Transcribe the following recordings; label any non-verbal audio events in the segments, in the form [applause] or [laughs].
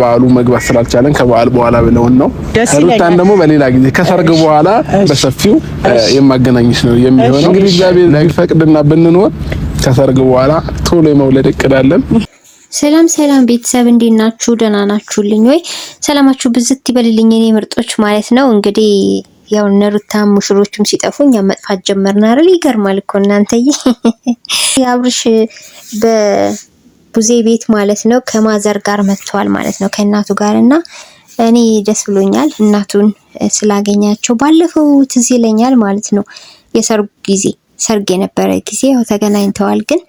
በዓሉ መግባት ስላልቻለን ከበዓል በኋላ ብለውን ነው። ሩታን ደግሞ በሌላ ጊዜ ከሰርግ በኋላ በሰፊው የማገናኝሽ ነው የሚሆነው። እንግዲህ እግዚአብሔር ቢፈቅድና ብንኖር ከሰርግ በኋላ ቶሎ የመውለድ እቅዳለን። ሰላም ሰላም ቤተሰብ እንዴት ናችሁ? ደህና ናችሁልኝ ወይ? ሰላማችሁ ብዝት ይበልልኝ እኔ ምርጦች ማለት ነው። እንግዲህ ያው እነ ሙሽሮቹም ሲጠፉ እኛም መጥፋት ጀመርን አይደል? ይገርማል እኮ እናንተዬ [laughs] የአብርሽ በ ቡዜ ቤት ማለት ነው ከማዘር ጋር መጥተዋል ማለት ነው ከእናቱ ጋር እና እኔ ደስ ብሎኛል እናቱን ስላገኛቸው። ባለፈው ትዝ ይለኛል ማለት ነው የሰርጉ ጊዜ ሰርግ የነበረ ጊዜ ያው ተገናኝተዋል፣ ግን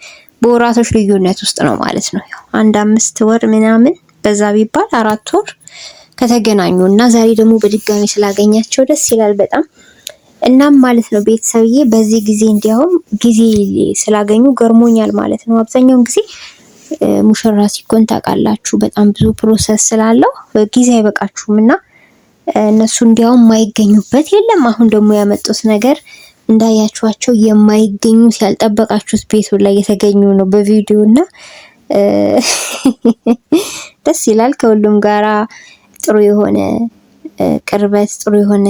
በወራቶች ልዩነት ውስጥ ነው ማለት ነው ያው አንድ አምስት ወር ምናምን በዛ ቢባል አራት ወር ከተገናኙ እና ዛሬ ደግሞ በድጋሚ ስላገኛቸው ደስ ይላል በጣም እናም ማለት ነው ቤተሰብዬ በዚህ ጊዜ እንዲያውም ጊዜ ስላገኙ ገርሞኛል ማለት ነው አብዛኛውን ጊዜ ሙሽራ ሲኮን ታውቃላችሁ በጣም ብዙ ፕሮሰስ ስላለው ጊዜ አይበቃችሁም እና እነሱ እንዲያውም የማይገኙበት የለም። አሁን ደግሞ ያመጡት ነገር እንዳያችኋቸው የማይገኙት ያልጠበቃችሁት ቤቱ ላይ የተገኙ ነው በቪዲዮ እና ደስ ይላል። ከሁሉም ጋራ ጥሩ የሆነ ቅርበት ጥሩ የሆነ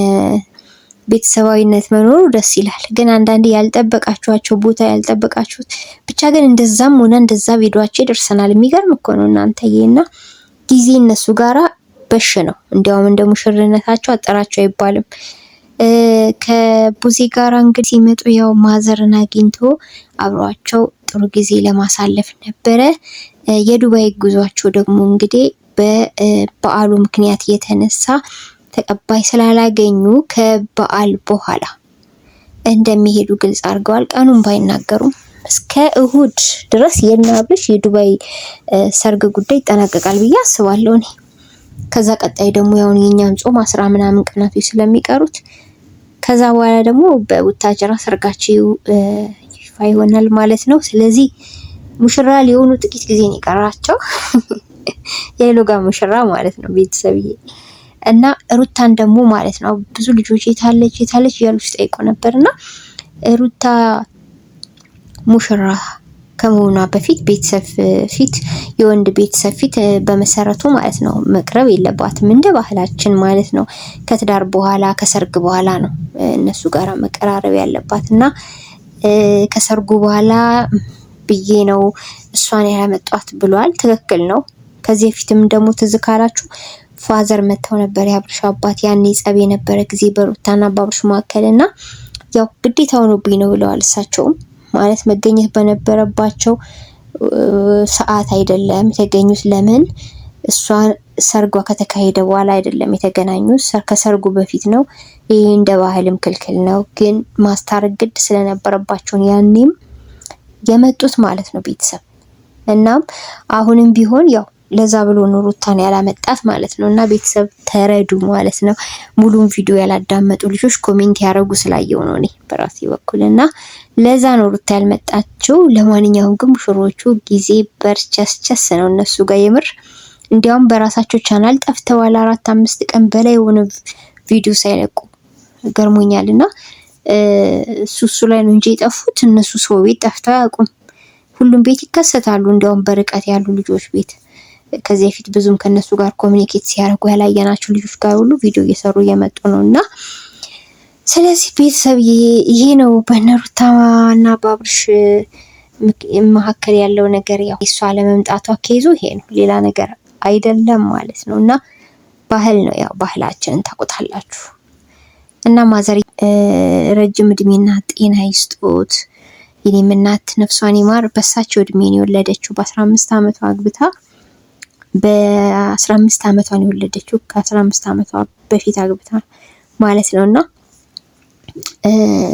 ቤተሰባዊነት መኖሩ ደስ ይላል። ግን አንዳንዴ ያልጠበቃችኋቸው ቦታ ያልጠበቃችሁት ብቻ ግን እንደዛም ሆነ እንደዛ ቪዲዮአቸው ደርሰናል። የሚገርም እኮ ነው እናንተዬ እና ጊዜ እነሱ ጋራ በሽ ነው። እንዲያውም እንደ ሙሽርነታቸው አጠራቸው አይባልም። ከቡዜ ጋራ እንግዲህ ሲመጡ ያው ማዘርን አግኝቶ አብሯቸው ጥሩ ጊዜ ለማሳለፍ ነበረ። የዱባይ ጉዟቸው ደግሞ እንግዲህ በበዓሉ ምክንያት የተነሳ ተቀባይ ስላላገኙ ከበዓል በኋላ እንደሚሄዱ ግልጽ አድርገዋል። ቀኑን ባይናገሩም እስከ እሁድ ድረስ የናብሽ የዱባይ ሰርግ ጉዳይ ይጠናቀቃል ብዬ አስባለሁ እኔ። ከዛ ቀጣይ ደግሞ ያውን የኛን ጾም አስራ ምናምን ቀናት ስለሚቀሩት ከዛ በኋላ ደግሞ በቡታጅራ ሰርጋቸው ይፋ ይሆናል ማለት ነው። ስለዚህ ሙሽራ ሊሆኑ ጥቂት ጊዜ ነው የቀራቸው። [laughs] የሎጋ ሙሽራ ማለት ነው ቤተሰብዬ። እና ሩታን ደግሞ ማለት ነው ብዙ ልጆች የታለች የታለች እያሉ ሲጠይቁ ነበር እና ሩታ ሙሽራ ከመሆኗ በፊት ቤተሰብ ፊት የወንድ ቤተሰብ ፊት በመሰረቱ ማለት ነው መቅረብ የለባትም። እንደ ባህላችን ማለት ነው ከትዳር በኋላ ከሰርግ በኋላ ነው እነሱ ጋር መቀራረብ ያለባት እና ከሰርጉ በኋላ ብዬ ነው እሷን ያመጧት ብሏል። ትክክል ነው። ከዚህ በፊትም ደግሞ ትዝ ካላችሁ ፋዘር መጥተው ነበር የአብርሽ አባት ያኔ ጸብ የነበረ ጊዜ በሩታና በአብርሽ መካከል እና ያው ግዴታ ሆኖብኝ ነው ብለዋል። እሳቸውም ማለት መገኘት በነበረባቸው ሰዓት አይደለም የተገኙት። ለምን እሷ ሰርጓ ከተካሄደ በኋላ አይደለም የተገናኙት፣ ከሰርጉ በፊት ነው። ይህ እንደ ባህልም ክልክል ነው፣ ግን ማስታረቅ ግድ ስለነበረባቸውን ያኔም የመጡት ማለት ነው ቤተሰብ። እናም አሁንም ቢሆን ያው ለዛ ብሎ ነው ሩታን ያላመጣት ማለት ነው። እና ቤተሰብ ተረዱ ማለት ነው። ሙሉን ቪዲዮ ያላዳመጡ ልጆች ኮሜንት ያደረጉ ስላየው ነው እኔ በራሴ በኩል እና ለዛ ነው ሩታ ያልመጣችው። ለማንኛውም ግን ሙሽሮቹ ጊዜ በርቸስቸስ ነው እነሱ ጋር የምር እንዲያውም በራሳቸው ቻናል ጠፍተዋል። አራት አምስት ቀን በላይ የሆነ ቪዲዮ ሳይለቁ ገርሞኛል። እና እሱ እሱ ላይ ነው እንጂ የጠፉት እነሱ ሰው ቤት ጠፍተው አያውቁም። ሁሉም ቤት ይከሰታሉ። እንዲያውም በርቀት ያሉ ልጆች ቤት ከዚህ በፊት ብዙም ከነሱ ጋር ኮሚኒኬት ሲያደርጉ ያላየናቸው ልጆች ጋር ሁሉ ቪዲዮ እየሰሩ እየመጡ ነው እና ስለዚህ ቤተሰብ ይሄ ነው በነሩታ እና በአብርሽ መካከል ያለው ነገር። ያው እሷ ለመምጣቷ ከይዞ ይሄ ነው ሌላ ነገር አይደለም ማለት ነው እና ባህል ነው ያው ባህላችንን ታውቁታላችሁ። እና ማዘር ረጅም እድሜና ጤና ይስጦት። የኔም እናት ነፍሷን ይማር። በሳቸው እድሜ ነው የወለደችው። በአስራ አምስት አመቷ አግብታ በአስራ አምስት አመቷ ነው የወለደችው። ከአስራ አምስት አመቷ በፊት አግብታ ማለት ነው እና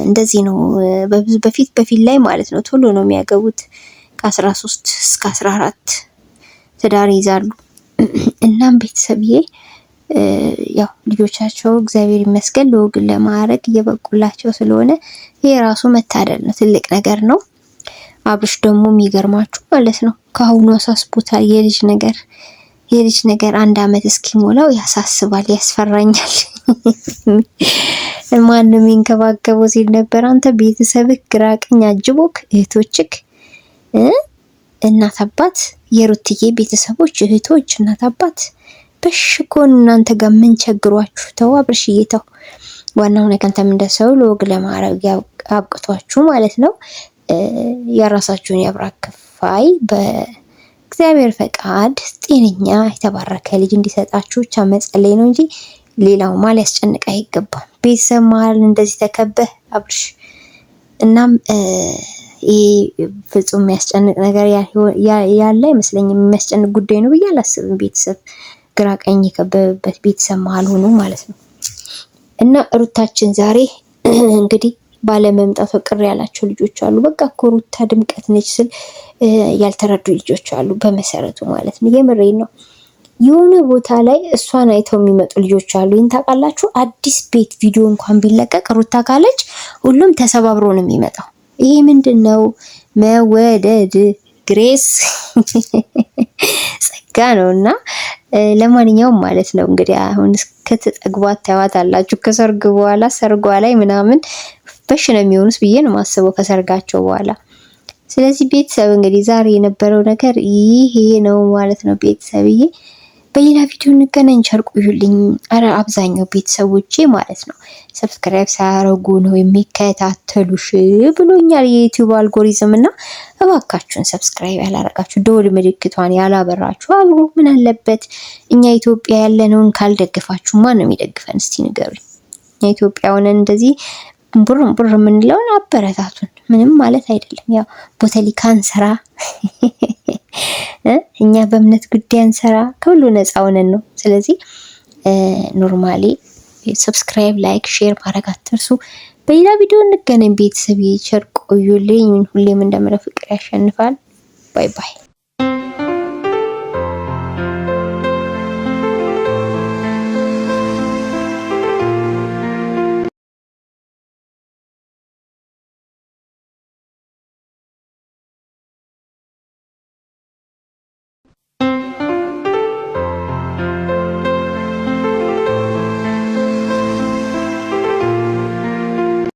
እንደዚህ ነው በብዙ በፊት በፊት ላይ ማለት ነው ቶሎ ነው የሚያገቡት። ከአስራ ሶስት እስከ አስራ አራት ትዳር ይዛሉ። እናም ቤተሰብዬ ያው ልጆቻቸው እግዚአብሔር ይመስገን ለወግ ለማዕረግ እየበቁላቸው ስለሆነ ይሄ ራሱ መታደል ነው፣ ትልቅ ነገር ነው። አብርሽ ደግሞ የሚገርማችሁ ማለት ነው ከአሁኑ አሳስቦታል። የልጅ ነገር የልጅ ነገር አንድ አመት እስኪሞላው ያሳስባል፣ ያስፈራኛል። [laughs] ማንም ይንከባከበው ሲል ነበር። አንተ ቤተሰብህ ግራ ቀኝ አጅቦክ፣ እህቶችክ፣ እናት አባት፣ የሩትዬ ቤተሰቦች እህቶች፣ እናት አባት በሽኮን እናንተ ጋር ምን ቸግሯችሁ? ተው አብርሽዬ ተው። ዋናው ነገር አንተም እንደ ለወግ ለማረግ አብቅቷችሁ ማለት ነው። የራሳችሁን የአብራክ ክፋይ በእግዚአብሔር ፈቃድ ጤነኛ የተባረከ ልጅ እንዲሰጣችሁ ብቻ መጸለይ ነው እንጂ ሌላው ማ ሊያስጨንቅ አይገባም። ቤተሰብ መሀል እንደዚህ ተከበህ አብርሽ፣ እናም ይህ ፍጹም የሚያስጨንቅ ነገር ያለ አይመስለኝም። የሚያስጨንቅ ጉዳይ ነው ብዬ አላስብም። ቤተሰብ ግራ ቀኝ የከበበበት ቤተሰብ መሀል ሆኖ ማለት ነው እና ሩታችን ዛሬ [clears throat] እንግዲህ ባለመምጣቱ ቅር ያላቸው ልጆች አሉ። በቃ እኮ ሩታ ድምቀት ነች ስል ያልተረዱ ልጆች አሉ። በመሰረቱ ማለት ነው የምሬ ነው። የሆነ ቦታ ላይ እሷን አይተው የሚመጡ ልጆች አሉ። ይህን ታውቃላችሁ። አዲስ ቤት ቪዲዮ እንኳን ቢለቀቅ ሩታ ካለች ሁሉም ተሰባብሮ ነው የሚመጣው። ይሄ ምንድን ነው? መወደድ ግሬስ ጸጋ ነው እና ለማንኛውም ማለት ነው እንግዲህ አሁን ከተጠግቧት ታዋት አላችሁ ከሰርግ በኋላ ሰርጓ ላይ ምናምን በሽ ነው የሚሆኑት ብዬ ነው ማስበው ከሰርጋቸው በኋላ። ስለዚህ ቤተሰብ እንግዲህ ዛሬ የነበረው ነገር ይሄ ነው ማለት ነው ቤተሰብዬ። በሌላ ቪዲዮ እንገናኝ። ቸር ቆዩልኝ። አረ አብዛኛው ቤተሰቦቼ ማለት ነው ሰብስክራይብ ሳያረጉ ነው የሚከታተሉሽ ብሎኛል የዩቲዩብ አልጎሪዝም እና እባካችሁን ሰብስክራይብ ያላረጋችሁ ደወል ምልክቷን ያላበራችሁ አብሮ ምን አለበት እኛ ኢትዮጵያ ያለነውን ካልደግፋችሁ ማን ነው የሚደግፈን? እስቲ ንገሩኝ። እኛ ኢትዮጵያ ሆነን እንደዚህ እምቡር እምቡር የምንለውን አበረታቱን። ምንም ማለት አይደለም። ያው ቦተሊካን እንሰራ፣ እኛ በእምነት ጉዳይን ስራ ከሁሉ ነፃ ሆነን ነው። ስለዚህ ኖርማሊ ሰብስክራይብ፣ ላይክ፣ ሼር ማድረግ አትርሱ። በሌላ ቪዲዮ እንገናኝ ቤተሰብ። ቸር ቆዩልኝ። ሁሌም እንደምለው ፍቅር ያሸንፋል። ባይ ባይ።